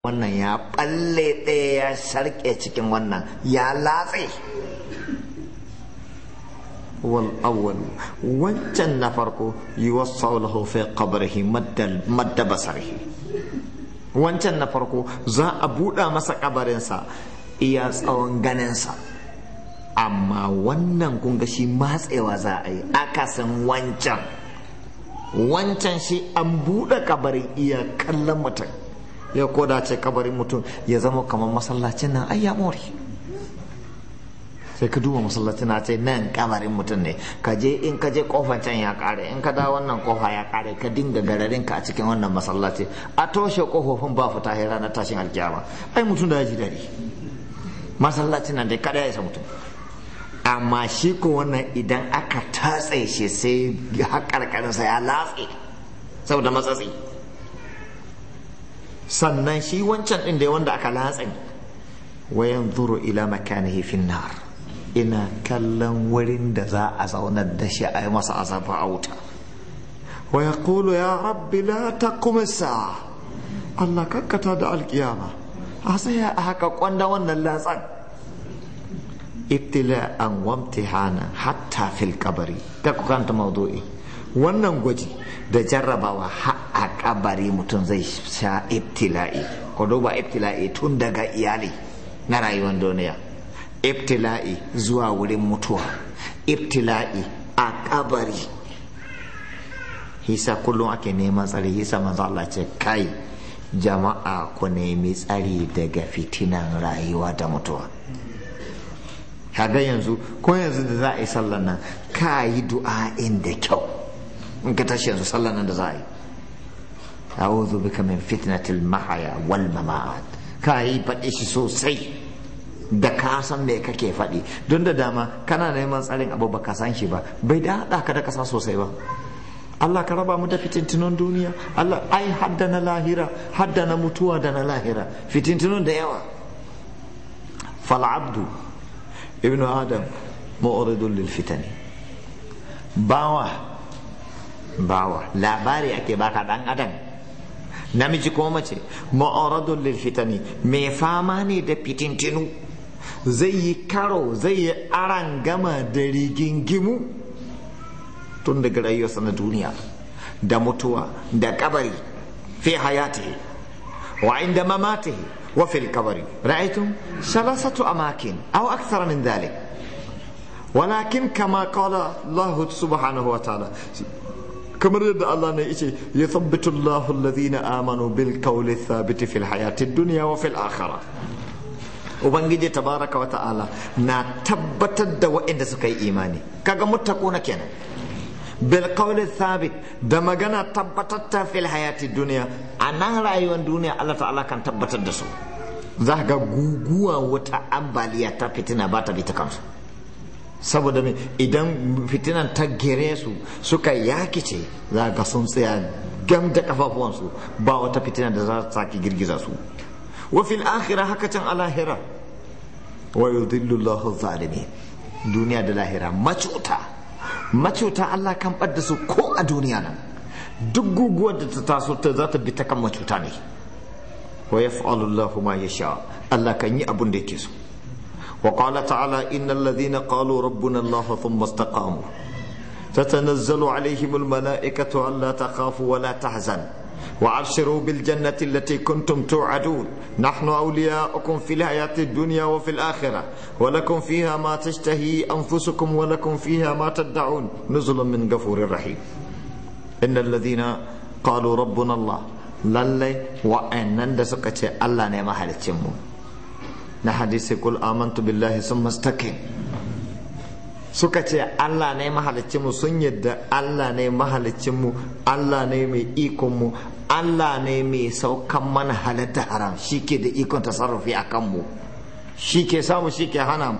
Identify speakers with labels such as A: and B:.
A: wannan ya balle ɗaya ya sharke cikin wannan ya latse wal wancan na farko yuwassaw lahu fi qabrihi madda basarihi wancan na farko za a buɗa masa kabarinsa iya tsawon ganinsa amma wannan kun shi matsewa za a yi akasin wancan wancan shi an buɗe kabarin iya kallon mutum ya koda ce kabarin mutum ya zama kamar masallacin nan ayya ya more sai ka duba masallacin na ce nan kabarin mutum ne ka je in ka je kofar can ya kare in ka da wannan kofa ya kare ka dinga gararin ka a cikin wannan masallaci a toshe kofofin ba fita hera na tashin alkiyama ai mutum da ya ji dare masallacin na dai kada ya isa mutum amma shi ko wannan idan aka tatse shi sai haƙarƙarinsa ya latse saboda matsatsi sannan shi wancan ɗin da wanda aka latsa. wayan zuru ila makanihi fin ina kallon wurin da za a zaunar da shi a yi masa azaba a wuta wa ya kulu ya rabbi la ta kuma Allah kakkata da alkiyama a tsaya a haka kwanda wannan latsan ibtila'an wamtihana hatta fil kabari ta kukanta maudu'i wannan gwaji da jarrabawa a kabari mutum zai sha iftila'i, ko duba iftila'i tun daga iyali na rayuwar duniya Iftila'i zuwa wurin mutuwa Iftila'i, a kabari hisa kullum ake neman tsari hisa manzo Allah ce kai jama'a ku nemi tsari daga fitinan rayuwa da mutuwa kaga yanzu ko yanzu da za a yi sallar nan ka yi du'a inda kyau in ka tashi yanzu sallah nan da za a yi wuzu bika min fitnatil mahaya wal mamaat ka yi faɗi shi sosai da ka san me kake faɗi don da dama kana neman tsarin abu ba ka san shi ba bai da haɗa ka da kasa sosai ba Allah ka raba mu da fitintunan duniya Allah ai hadda na lahira hadda na mutuwa da na lahira fitintunan da yawa fal abdu ibnu adam mu'ridun lil fitani bawa bawa labari ake baka dan adam namiji ko mace ma'aradun lil fitani mai fama ne da fitintinu zai yi karo zai yi arangama da rigingimu tun daga rayuwarsa na duniya da mutuwa da kabari fi hayati, wa inda mamati wa fil kabari ra'aytum salasatu amakin aw akthara min dhalik kama qala قال subhanahu wa ta'ala kamar yadda Allah ne yace ya tabbatu Allahu alladhina amanu bil qawli thabiti fil hayati dunya wa fil akhirah ubangiji tabaraka wa ta'ala na tabbatar da waɗanda suka yi imani kaga muttaquna kenan bil qawli thabit da magana tabbatar ta fil hayati duniya anan rayuwar duniya Allah ta'ala kan tabbatar da su za ga guguwa wata ambaliya ta fitina ba ta bi ta kansu saboda mai idan fitinan ta gere su suka yakice za ga sun tsaya gam da kafafuwansu ba wata fitina da za ta girgiza su Wafin fil haka can a lahira wa yudhillu zalimi duniya da lahira macuta macuta Allah kan ɓadda su ko a duniya nan duk guguwar da ta taso ta za ta bi ta kan macuta ne wa yaf'alu Allahu ma yasha Allah kan yi abin da yake so وقال تعالى إن الذين قالوا ربنا الله ثم استقاموا تتنزل عليهم الملائكة ألا تخافوا ولا تحزن وعشروا بالجنة التي كنتم توعدون نحن أولياؤكم في الحياة الدنيا وفي الآخرة ولكم فيها ما تشتهي أنفسكم ولكم فيها ما تدعون نزلا من غفور رحيم إن الذين قالوا ربنا الله للي وأنن دسكت الله نعم حالتهم na hadisi kul amantu billahi sun mustaqim suka ce Allah ne mahalicinmu sun yadda Allah ne mahalicinmu Allah ne mai ikonmu Allah ne mai saukan mana halatta haram shi ke da ikon tasarrufi a kanmu shi ke samu shi ke hana mu